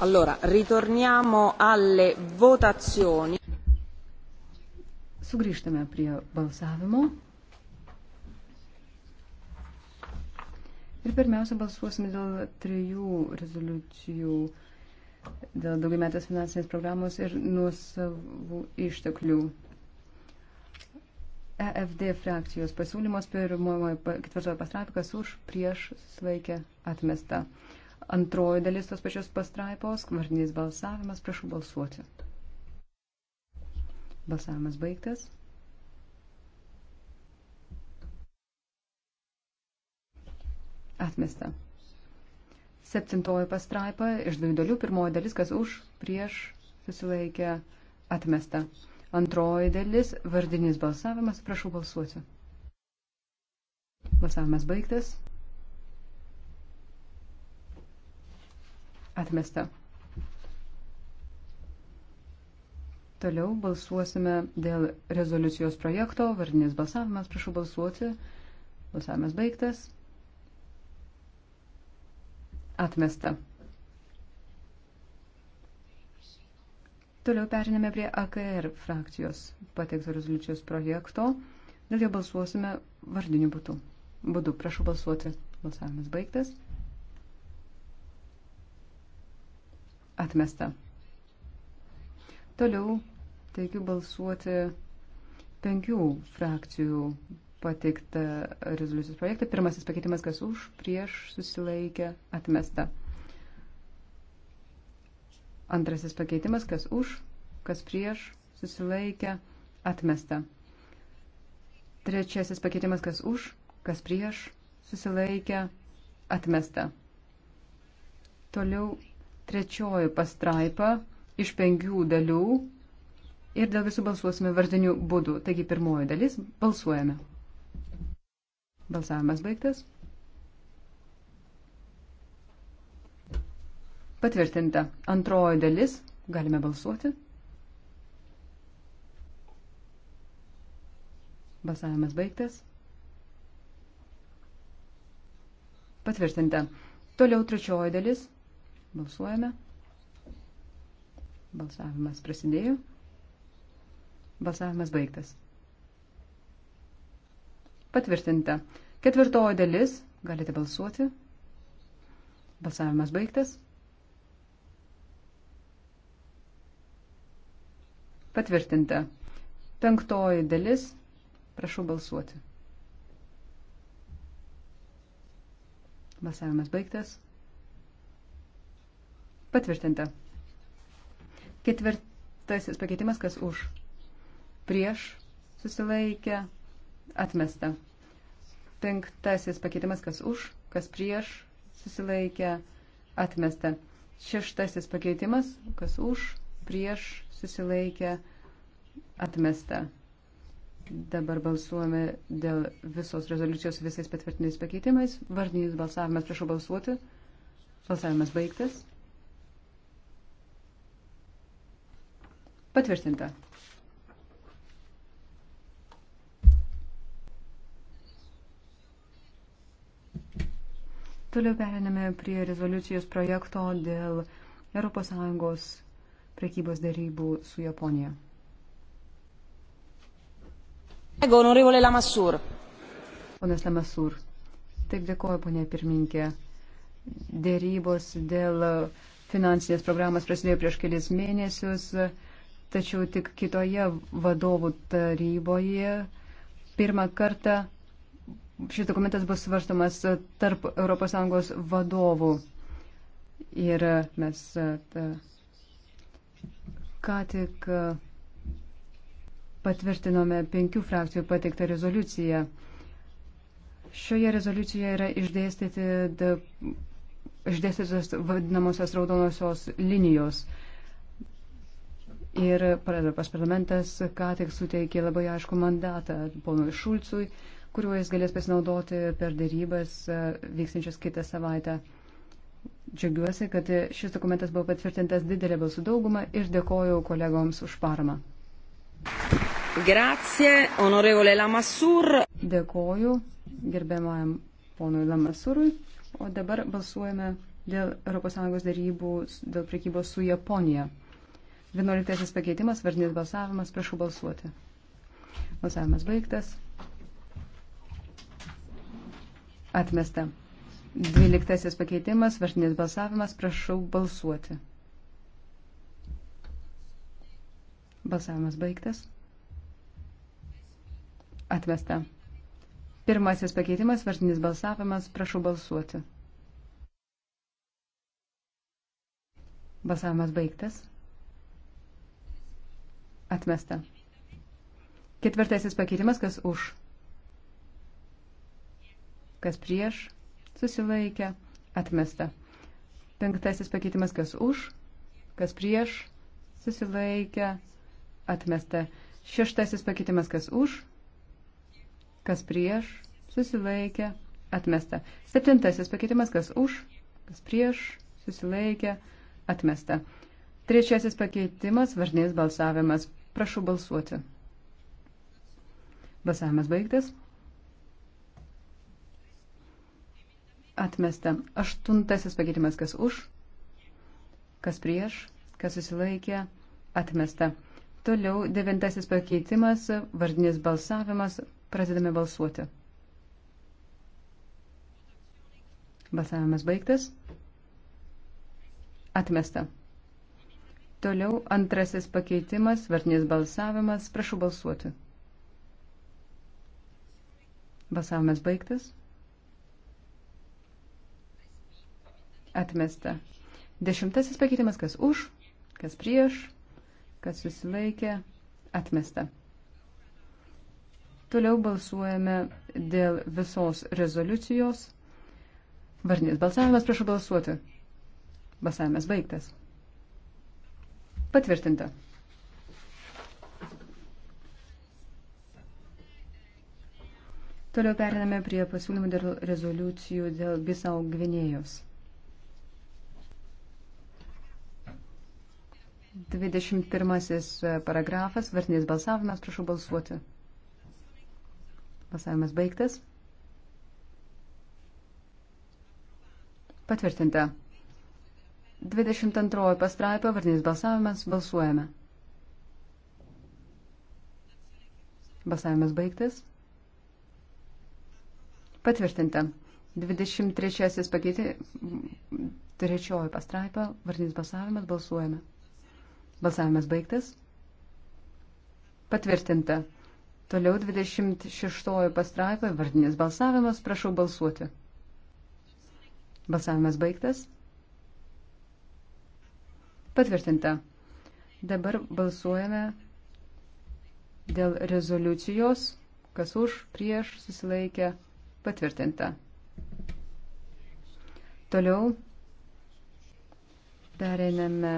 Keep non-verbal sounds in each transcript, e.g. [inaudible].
Allora, ritorniamo alle votazioni. Sugrįžtame prie balsavimo. Ir pirmiausia, balsuosime dėl trijų rezoliucijų, dėl daugiametės finansinės programos ir nuosavų išteklių. EFD frakcijos pasiūlymas pirmojo ketvirtojo pastrapkas už prieš sveikę atmestą. Antroji dalis tos pačios pastraipos, vardinis balsavimas, prašau balsuoti. Balsavimas baigtas. Atmesta. Septintoji pastraipa iš dviejų dalių. Pirmoji dalis, kas už, prieš, susilaikė, atmesta. Antroji dalis, vardinis balsavimas, prašau balsuoti. Balsavimas baigtas. Atmesta. Toliau balsuosime dėl rezoliucijos projekto. Vardinis balsavimas, prašau balsuoti. Balsavimas baigtas. Atmesta. Toliau periname prie AKR frakcijos pateikto rezoliucijos projekto. Dėl jo balsuosime vardiniu būdu. Būdu, prašau balsuoti. Balsavimas baigtas. Atmesta. Toliau teikiu balsuoti penkių frakcijų pateiktą rezoliucijos projektą. Pirmasis pakeitimas, kas už, prieš, susilaikė, atmesta. Antrasis pakeitimas, kas už, kas prieš, susilaikė, atmesta. Trečiasis pakeitimas, kas už, kas prieš, susilaikė, atmesta. Toliau Trečioji pastraipa iš penkių dalių ir dėl visų balsuosime vardiniu būdu. Taigi pirmoji dalis - balsuojame. Balsavimas baigtas. Patvirtinta. Antroji dalis - galime balsuoti. Balsavimas baigtas. Patvirtinta. Toliau trečioji dalis - Balsuojame. Balsavimas prasidėjo. Balsavimas baigtas. Patvirtinta. Ketvirtoji dalis. Galite balsuoti. Balsavimas baigtas. Patvirtinta. Penktoji dalis. Prašau balsuoti. Balsavimas baigtas. Patvirtinta. Ketvirtasis pakeitimas, kas už. Prieš susilaikę atmesta. Penktasis pakeitimas, kas už, kas prieš susilaikę atmesta. Šeštasis pakeitimas, kas už, prieš susilaikę atmesta. Dabar balsuojame dėl visos rezoliucijos visais patvirtiniais pakeitimais. Vardinis balsavimas, prašau balsuoti. Balsavimas baigtas. Patvirtinta. Toliau periname prie rezoliucijos projekto dėl ES prekybos darybų su Japonija. Honorevole Lamassur. Ponas Lamassur. Taip dėkoju, ponė pirminkė. Dėrybos dėl finansinės programos prasidėjo prieš kelias mėnesius tačiau tik kitoje vadovų taryboje pirmą kartą šis dokumentas bus svarstomas tarp ES vadovų. Ir mes e, ta, ką tik e, patvirtinome penkių frakcijų pateiktą rezoliuciją. Šioje rezoliucijoje yra išdėstyti išdėstytos vadinamosios raudonosios linijos. Ir Europos parlamentas ką tik suteikė labai aišku mandatą ponui Šulcui, kuriuo jis galės pasinaudoti per darybas e, vyksinčias kitą savaitę. Džiaugiuosi, kad šis dokumentas buvo patvirtintas didelė balsų dauguma ir dėkoju kolegoms už paramą. Grazie, onorevole Lamassur. Dėkoju gerbiamajam ponui Lamassurui. O dabar balsuojame dėl ES darybų, dėl prekybos su Japonija. 11 pakeitimas, vardinis balsavimas, prašau balsuoti. Balsavimas baigtas. Atmesta. 12 pakeitimas, vardinis balsavimas, prašau balsuoti. Balsavimas baigtas. Atmesta. Pirmasis pakeitimas, vardinis balsavimas, prašau balsuoti. Balsavimas baigtas atmesta. Ketvirtasis pakeitimas, kas už, kas prieš, susilaikė, atmesta. Penktasis pakeitimas, kas už, kas prieš, susilaikė, atmesta. Šeštasis pakeitimas, kas už, kas prieš, susilaikė, atmesta. Septintasis pakeitimas, kas už, kas prieš, susilaikė, atmesta. Trečiasis pakeitimas, varnės balsavimas. Prašau balsuoti. Balsavimas baigtas. Atmesta. Aštuntasis pakeitimas, kas už, kas prieš, kas susilaikė, atmesta. Toliau devintasis pakeitimas, vardinis balsavimas, pradedame balsuoti. Balsavimas baigtas. Atmesta. Toliau antrasis pakeitimas, vartinis balsavimas. Prašau balsuoti. Balsavimas baigtas. Atmesta. Dešimtasis pakeitimas, kas už, kas prieš, kas susilaikė, atmesta. Toliau balsuojame dėl visos rezoliucijos. Varnys balsavimas, prašau balsuoti. Balsavimas baigtas. Patvirtinta. Toliau periname prie pasiūlymų dėl rezoliucijų dėl Bisau Gvinėjos. 21 e, paragrafas, vartinis balsavimas, prašau balsuoti. Balsavimas baigtas. Patvirtinta. 22 pastraipa, vardinis balsavimas, balsuojame. Balsavimas baigtas. Patvirtinta. 23 pakeitė, trečioji pastraipa, vardinis balsavimas, balsuojame. Balsavimas baigtas. Patvirtinta. Toliau 26 pastraipa, vardinis balsavimas, prašau balsuoti. Balsavimas baigtas. Patvirtinta. Dabar balsuojame dėl rezoliucijos, kas už, prieš, susilaikė, patvirtinta. Toliau pereiname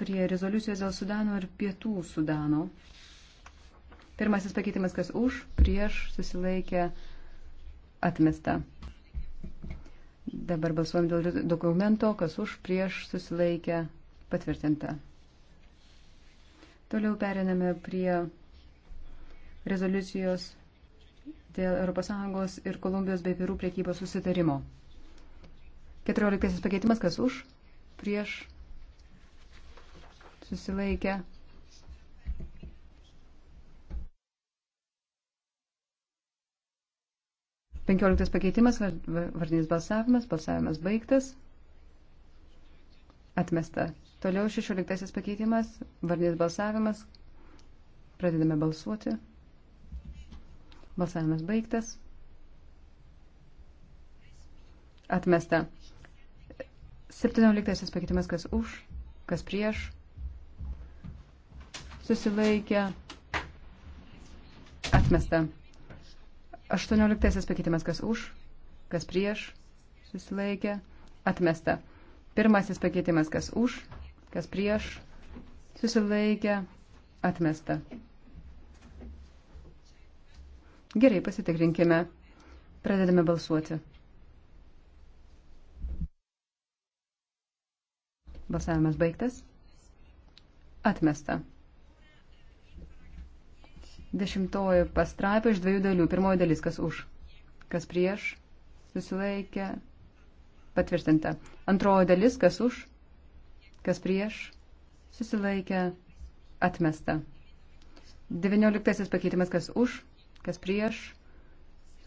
prie rezoliucijos dėl Sudano ir Pietų Sudano. Pirmasis pakeitimas, kas už, prieš, susilaikė, atmesta. Dabar balsuojam dėl dokumento, kas už prieš susilaikę patvirtinta. Toliau periname prie rezoliucijos dėl ES ir Kolumbijos bei Pirų priekybos susitarimo. 14 pakeitimas, kas už prieš susilaikę patvirtinta 15 pakeitimas, vardinis balsavimas, balsavimas baigtas, atmesta. Toliau 16 pakeitimas, vardinis balsavimas, pradedame balsuoti, balsavimas baigtas, atmesta. 17 pakeitimas, kas už, kas prieš, susilaikė, atmesta. 18 pakeitimas, kas už, kas prieš, susilaikė, atmesta. Pirmasis pakeitimas, kas už, kas prieš, susilaikė, atmesta. Gerai, pasitikrinkime. Pradedame balsuoti. Balsavimas baigtas. Atmesta. Dešimtoji pastraipa iš dviejų dalių. Pirmoji dalis, kas už, kas prieš, susilaikė, patvirtinta. Antroji dalis, kas už, kas prieš, susilaikė, atmesta. Devynioliktasis pakeitimas, kas už, kas prieš,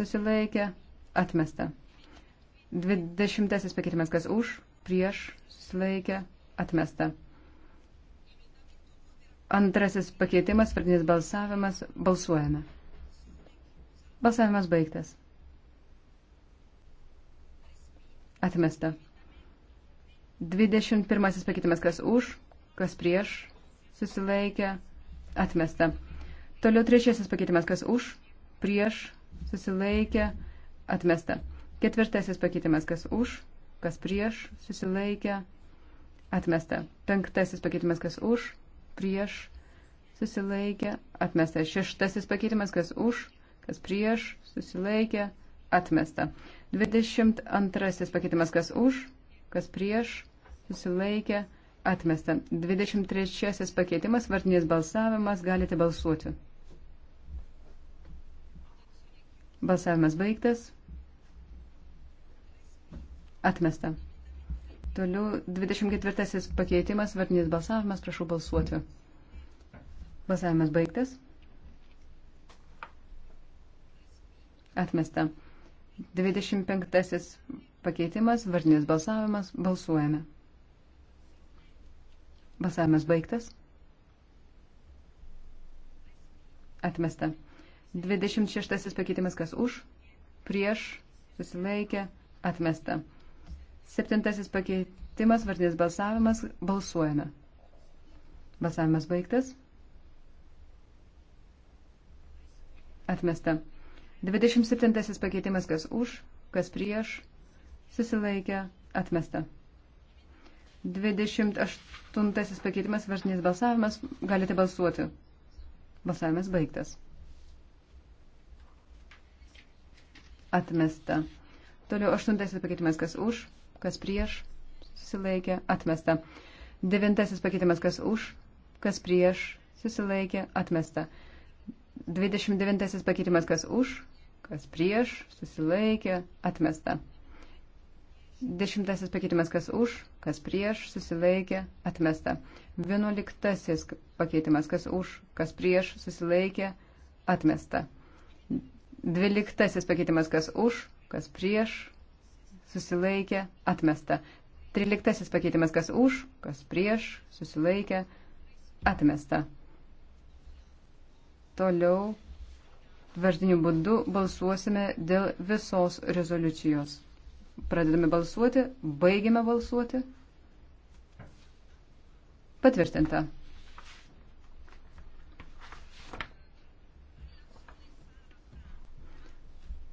susilaikė, atmesta. Dvidešimtasis pakeitimas, kas už, prieš, susilaikė, atmesta. Antrasis pakeitimas, vardinis balsavimas. Balsuojame. Balsavimas baigtas. Atmesta. 21 pakeitimas, kas už, kas prieš, susilaikė, atmesta. Toliau trečiasis pakeitimas, kas už, prieš, susilaikė, atmesta. Ketvirtasis pakeitimas, kas už, kas prieš, susilaikė, atmesta. Penktasis pakeitimas, kas už, prieš, susilaikė, atmesta. Šeštasis pakeitimas, kas už, kas prieš, susilaikė, atmesta. Dvidešimt antrasis pakeitimas, kas už, kas prieš, susilaikė, atmesta. Dvidešimt trečiasis pakeitimas, vardinės balsavimas, galite balsuoti. Balsavimas baigtas. Atmesta. Toliau 24 pakeitimas, vardinis balsavimas, prašau balsuoti. Balsavimas baigtas. Atmesta. 25 pakeitimas, vardinis balsavimas, balsuojame. Balsavimas baigtas. Atmesta. 26 pakeitimas, kas už, prieš, susilaikė, atmesta. Septintasis pakeitimas, vardinės balsavimas, balsuojame. Balsavimas baigtas. Atmesta. 27 pakeitimas, kas už, kas prieš, susilaikė, atmesta. 28 pakeitimas, vardinis balsavimas, galite balsuoti. Balsavimas baigtas. Atmesta. Toliau 8 pakeitimas, kas už, kas prieš, susilaikė, atmesta. Devintasis pakeitimas, kas už, kas prieš, susilaikė, atmesta. Dvidešimt devintasis pakeitimas, kas už, kas prieš, susilaikė, atmesta. Dešimtasis pakeitimas, kas už, kas prieš, susilaikė, atmesta. Vienuoliktasis pakeitimas, kas už, kas prieš, susilaikė, atmesta. Dvyliktasis pakeitimas, kas už, kas prieš, susilaikė, atmesta. Triliktasis pakeitimas, kas už, kas prieš, susilaikė, atmesta. Toliau vardiniu būdu balsuosime dėl visos rezoliucijos. Pradedame balsuoti, baigiame balsuoti. Patvirtinta.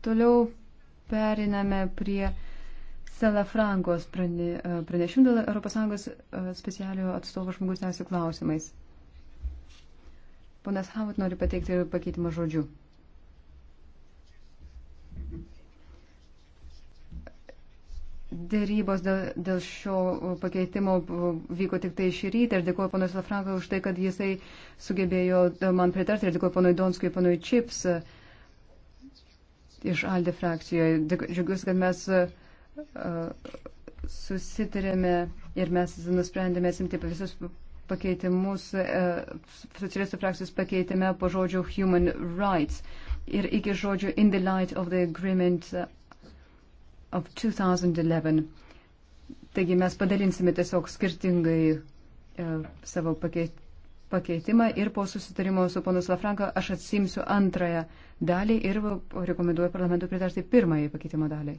Toliau periname prie Salafrankos e, pranešimų dėl ES e, specialiojo atstovo žmogus teisų klausimais. Ponas Havat nori pateikti pakeitimą žodžiu. Dėrybos dėl, dėl šio pakeitimo vyko tik tai šį rytą ir dėkuoju ponui Salafrankui už tai, kad jisai sugebėjo man pritarti ir dėkuoju ponui Donskui, ponui Čips iš Alde frakcijoje. Džiugiuosi, kad mes uh, susitarėme ir mes nusprendėme atsimti visus pakeitimus, e, socialistų frakcijos pakeitime po žodžio human rights ir iki žodžio in the light of the agreement uh, of 2011. Taigi mes padalinsime tiesiog skirtingai e, savo pakeitimą ir po susitarimo su ponus Lafranka aš atsimsiu antrąją dalį ir rekomenduoju parlamentui pritarti pirmąjį pakeitimo dalį.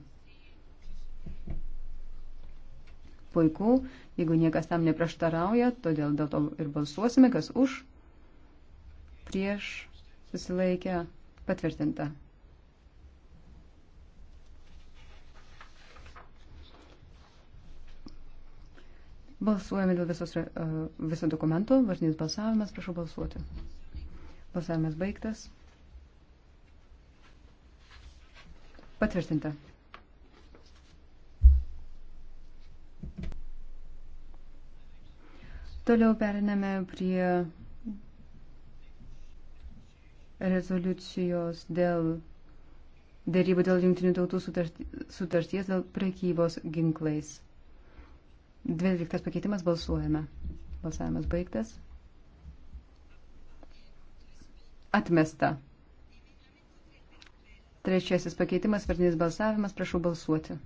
Puiku, jeigu niekas tam neprieštarauja, todėl dėl to ir balsuosime, kas už, prieš, susilaikę, patvirtinta. Balsuojame dėl visos, e, viso dokumento, vardinis balsavimas, prašau balsuoti. Balsavimas baigtas. Patvirtinta. Toliau periname prie rezoliucijos dėl dėrybų dėl jungtinių tautų sutarties dėl prekybos ginklais. 12 pakeitimas balsuojame. Balsavimas baigtas. Atmesta. Trečiasis pakeitimas, vardinis balsavimas, prašau balsuoti.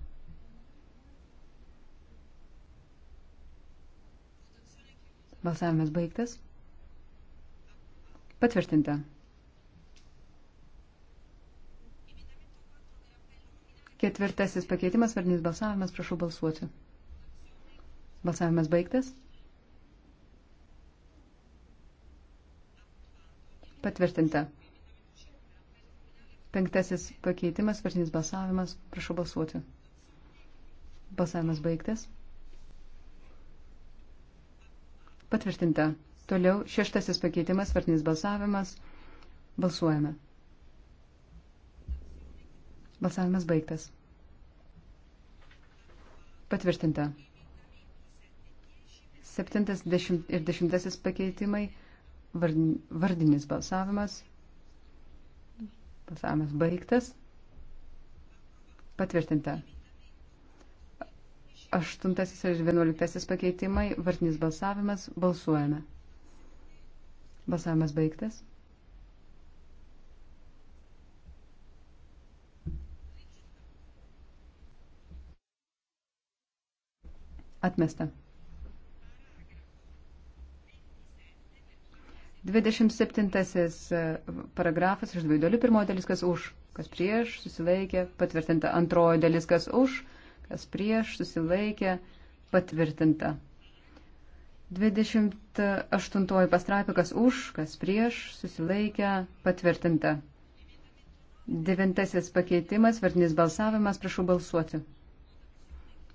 Balsavimas baigtas. Patvirtinta. Ketvirtasis pakeitimas, vardinis balsavimas, prašau balsuoti. Balsavimas baigtas. Patvirtinta. Penktasis pakeitimas, vardinis balsavimas, prašau balsuoti. Balsavimas baigtas. Patvirtinta. Toliau šeštasis pakeitimas, vartinis balsavimas. Balsuojame. Balsavimas baigtas. Patvirtinta. Septintas dešimt ir dešimtasis pakeitimai, vardinis balsavimas. Balsavimas baigtas. Patvirtinta. Aštuntasis ir vienuoliktasis pakeitimai, vartinis balsavimas, balsuojame. Balsavimas baigtas. Atmesta. 27 e, paragrafas iš dviejų dalių. Pirmoji dalis, kas už, kas prieš, susilaikė. Patvirtinta antroji dalis, kas už, kas prieš, susilaikė, patvirtinta. 28 pastraipė, kas už, kas prieš, susilaikė, patvirtinta. Devintasis pakeitimas, vardinis balsavimas, prašau balsuoti.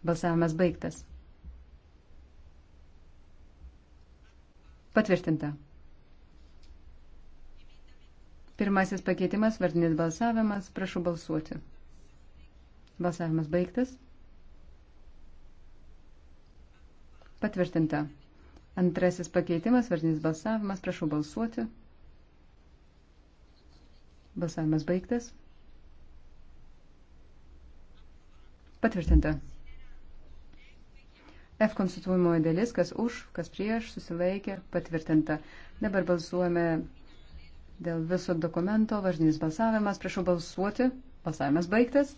Balsavimas baigtas. Patvirtinta. Pirmasis pakeitimas, vardinis balsavimas, prašau balsuoti. Balsavimas baigtas. Patvirtinta. Antrasis pakeitimas, vardinis balsavimas. Prašau balsuoti. Balsavimas baigtas. Patvirtinta. F konstituojamoji dalis, kas už, kas prieš, susilaikė, patvirtinta. Dabar balsuojame dėl viso dokumento, važdinis balsavimas, prašau balsuoti, balsavimas baigtas.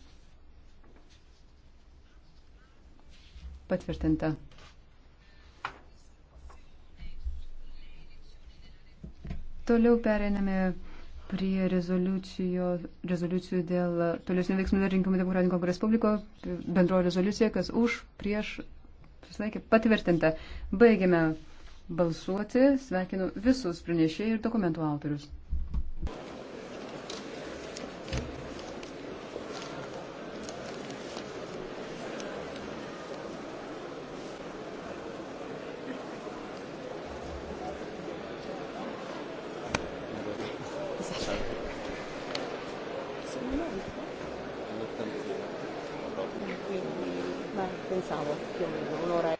Patvirtinta. Toliau pereiname prie rezoliucijų dėl tolesnių veiksmų dėl rinkimų demokratinio respubliko bendrojo rezoliucija, kas už, prieš, prisilaikė, patvirtinta. Baigėme balsuoti, sveikinu visus pranešėjai ir dokumentų autorius. pensavo più o meno un'ora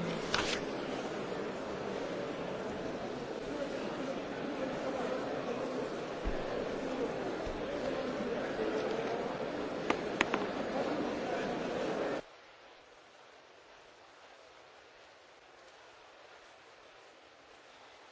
e [clears throat]